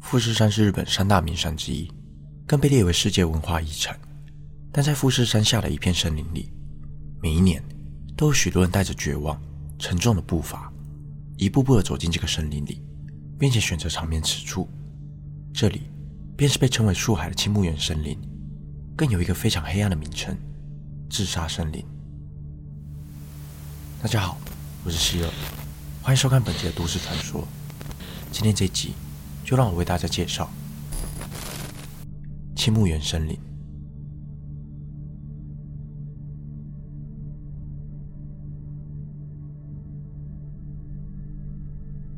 富士山是日本三大名山之一，更被列為世界文化遺產。但在富士山下的一片森林裡，每一年都有許多人帶着絕望、沉重的步伐，一步步的走進這個森林裡，並且選擇長眠此處。這裡便是被稱為“樹海”的青木原森林，更有一個非常黑暗的名稱——自殺森林。大家好，我是希爾，歡迎收看本期的都市傳說。今天這集，就讓我為大家介紹青木原森林。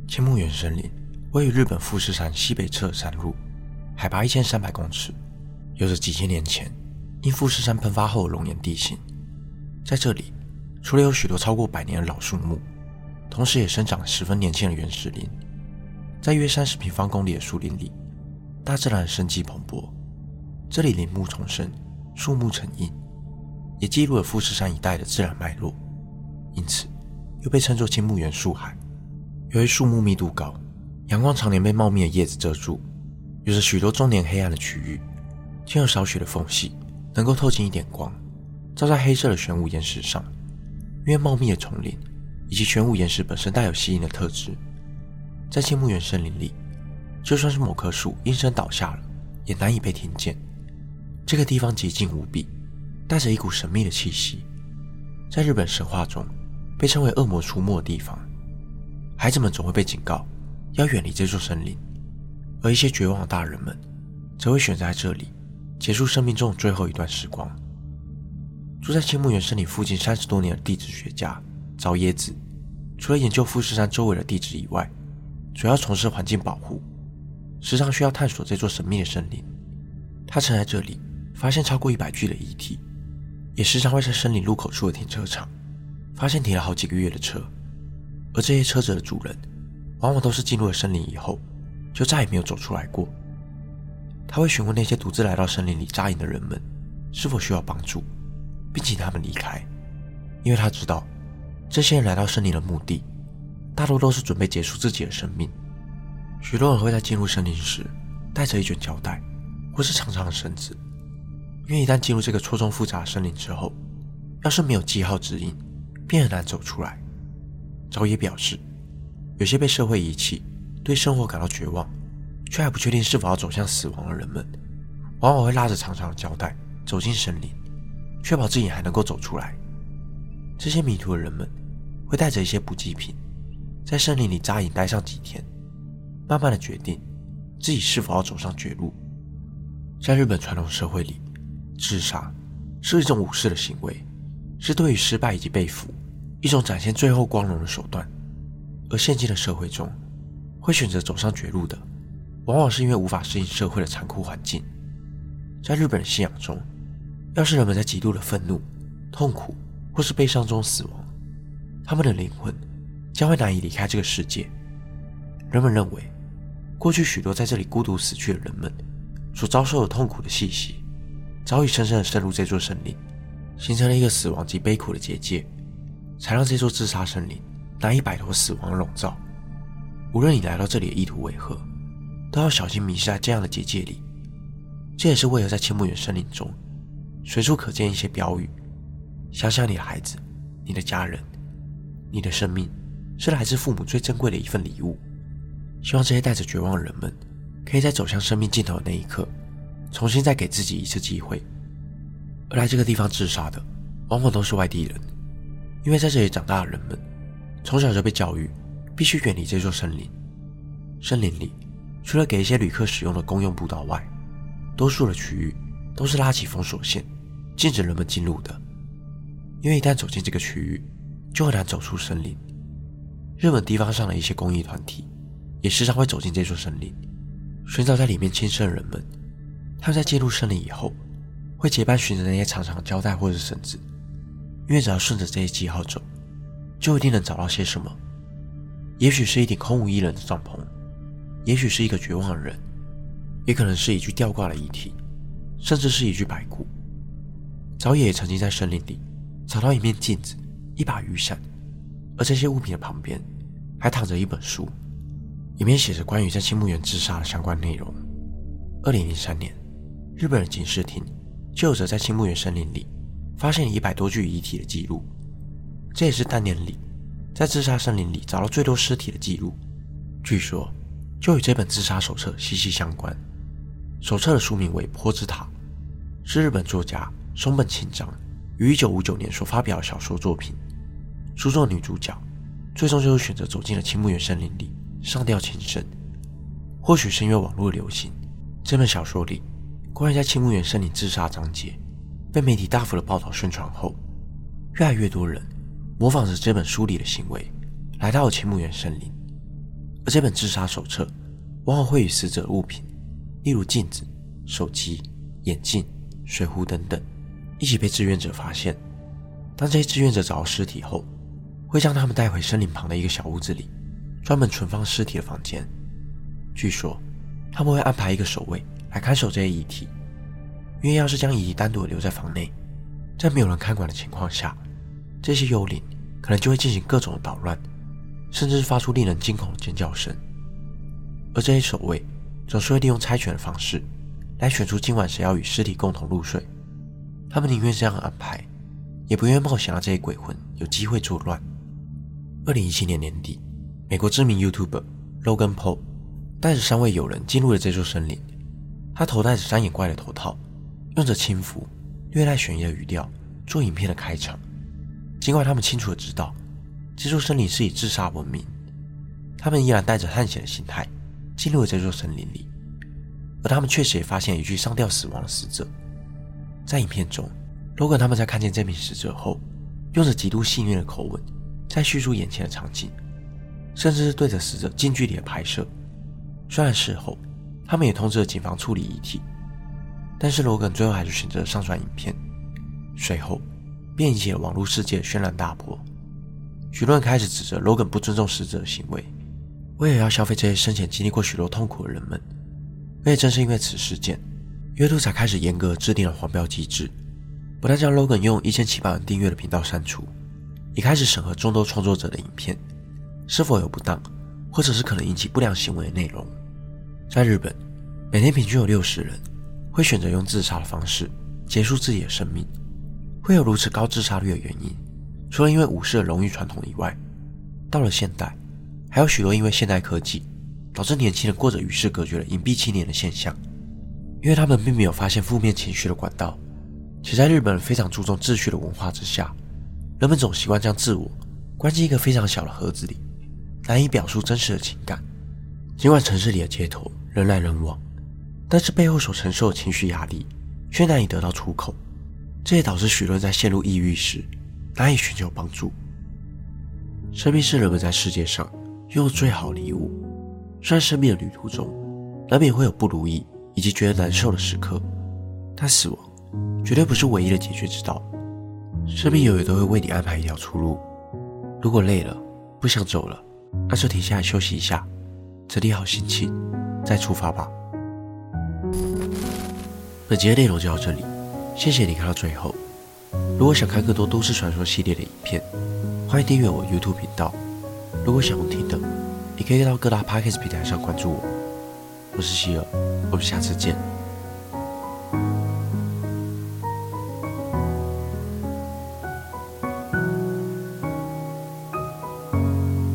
青木原森林位於日本富士山西北側的山麓，海拔一千三百公尺，有着幾千年前因富士山噴發後的熔岩地形。在這裡，除了有許多超過百年的老樹木，同時也生長了十分年輕的原始林。在約三十平方公里的樹林裡，大自然的生機蓬勃。這裡林木叢生，樹木成蔭，也記錄了富士山一帶的自然脈絡，因此又被稱作青木原樹海。由於樹木密度高，陽光常年被茂密的葉子遮住，有着許多終年黑暗的區域。僅有少許的縫隙能夠透進一點光，照在黑色的玄武岩石上。因為茂密的叢林以及玄武岩石本身帶有吸音的特質。在青木原森林裡，就算是某棵樹應聲倒下了，也難以被聽見。這個地方寂靜無比，帶着一股神秘的氣息。在日本神話中，被稱為惡魔出沒的地方。孩子們總會被警告，要遠離這座森林。而一些絕望的大人們，則會選擇在這裡結束生命中最後一段時光。住在青木原森林附近三十多年的地質學家早野梓，除了研究富士山周圍的地質以外，主要從事環境保護，時常需要探索這座神秘的森林。他曾在這裡發現超過一百具的遺體，也時常會在森林入口處的停車場發現停了好幾個月的車。而這些車子的主人，往往都是進入了森林以後就再也沒有走出來過。他會詢問那些獨自來到森林裡紮營的人們是否需要幫助，並請他們離開，因為他知道這些人來到森林的目的。大多都是準備結束自己的生命。許多人會在進入森林時帶着一卷膠帶，或是長長的繩子，因為一旦進入這個錯綜複雜的森林之後，要是沒有記號指引，便很難走出來。早野表示，有些被社會遺棄、對生活感到絕望，卻還不確定是否要走向死亡的人們，往往會拉着長長的膠帶走進森林，確保自己還能夠走出來。這些迷途的人們會帶着一些補給品。在森林裡扎營待上幾天，慢慢的決定自己是否要走上絕路。在日本傳統社會裡，自殺是一種武士的行為，是對於失敗以及被俘一種展現最後光榮的手段。而現今的社會中，會選擇走上絕路的，往往是因為無法適應社會的殘酷環境。在日本的信仰中，要是人們在極度的憤怒、痛苦或是悲傷中死亡，他們的靈魂。將會難以離開這個世界。人們認為，過去許多在這裡孤獨死去的人們所遭受的痛苦的氣息，早已深深地滲入這座森林，形成了一個死亡及悲苦的結界，才讓這座自殺森林難以擺脫死亡的籠罩。無論你來到這裡的意圖為何，都要小心迷失在這樣的結界裡。這也是為何在青木原森林中，隨處可見一些標語：“想想你的孩子，你的家人，你的生命。”是來自父母最珍貴的一份禮物。希望這些帶着絕望的人們，可以在走向生命盡頭的那一刻，重新再給自己一次機會。而來這個地方自殺的，往往都是外地人，因為在這裡長大的人們，從小就被教育，必須遠離這座森林。森林裡，除了給一些旅客使用的公用步道外，多數的區域都是拉起封鎖線，禁止人們進入的。因為一旦走進這個區域，就很難走出森林。日本地方上的一些公益團體，也時常會走進這座森林，尋找在裡面輕生的人們。他們在進入森林以後，會結伴尋找那些長長的膠帶或者繩子，因為只要順着這些記號走，就一定能找到些什麼。也許是一頂空無一人的帳篷，也許是一個絕望的人，也可能是一具吊掛的遺體，甚至是一具白骨。早野也曾經在森林裡找到一面鏡子，一把雨傘。而這些物品的旁邊，還躺着一本書，裡面寫着關於在青木原自殺的相關內容。2003年，日本的警視廳就有着在青木原森林裡發現了一百多具遺體的記錄，這也是當年裡在自殺森林裡找到最多屍體的記錄。據說，就與這本自殺手冊息息相關。手冊的書名為《波之塔》，是日本作家松本清張於1959年所發表的小說作品。書中的女主角最終就是選擇走進了青木原森林裡上吊輕生。或許是因為網絡的流行，這本小說裡關於在青木原森林自殺章節被媒體大幅的報道宣傳後，越來越多人模仿着這本書裡的行為來到了青木原森林。而這本自殺手冊往往會與死者的物品，例如鏡子、手機、眼鏡、水壺等等一起被志願者發現。當這些志願者找到屍體後，會將他們帶回森林旁的一個小屋子裡，專門存放屍體的房間。據說他們會安排一個守衛來看守這些遺體，因為要是將遺體單獨留在房內，在沒有人看管的情況下，這些幽靈可能就會進行各種的搗亂，甚至發出令人驚恐的尖叫聲。而這些守衛總是會利用猜拳的方式來選出今晚誰要與屍體共同入睡，他們寧願這樣的安排，也不願意冒險讓這些鬼魂有機會作亂。二零一七年年底，美國知名 YouTuber，Logan Paul 帶着三位友人進入了這座森林。他頭戴着三眼怪的頭套，用着輕浮、略帶懸疑的語調做影片的開場。儘管他們清楚地知道，這座森林是以自殺聞名，他們依然帶着探險的心態進入了這座森林裡。而他們確實也發現一具上吊死亡的死者。在影片中，Logan 他們在看見這名死者後，用着極度幸運的口吻。在敘述眼前的場景，甚至是對着死者近距離的拍攝。雖然事後他們也通知了警方處理遺體，但是羅根最後還是選擇上傳影片。隨後，便引起了網絡世界的軒然大波，輿論開始指責羅根不尊重死者的行為。為了要消費這些生前經歷過許多痛苦的人們，也正是因為此事件，YouTube 才開始嚴格制定了黃標機制，不但將羅根用一千七百萬訂閱的頻道刪除。也開始審核眾多創作者的影片，是否有不當，或者是可能引起不良行為的內容。在日本，每天平均有六十人會選擇用自殺的方式結束自己的生命。會有如此高自殺率的原因，除了因為武士的榮譽傳統以外，到了現代，還有許多因為現代科技導致年輕人過着與世隔絕的隱蔽青年的現象，因為他們並沒有發現負面情緒的管道，且在日本非常注重秩序的文化之下。人們總習慣將自我關進一個非常小的盒子裡，難以表述真實的情感。儘管城市裡的街頭人來人往，但是背後所承受的情緒壓力卻難以得到出口。這也導致許多人在陷入抑鬱時難以尋求幫助。生命是人們在世界上擁有最好的禮物。雖然生命的旅途中難免會有不如意以及覺得難受的時刻，但死亡絕對不是唯一的解決之道。生命永遠都會為你安排一條出路。如果累了，不想走了，那就停下來休息一下，整理好心情再出發吧。本集的內容就到這裡，謝謝你看到最後。如果想看更多都市傳說系列的影片，歡迎訂閱我 YouTube 頻道。如果想用聽的，你可以到各大 Podcast 平台上關注我。我是希爾，我們下次見。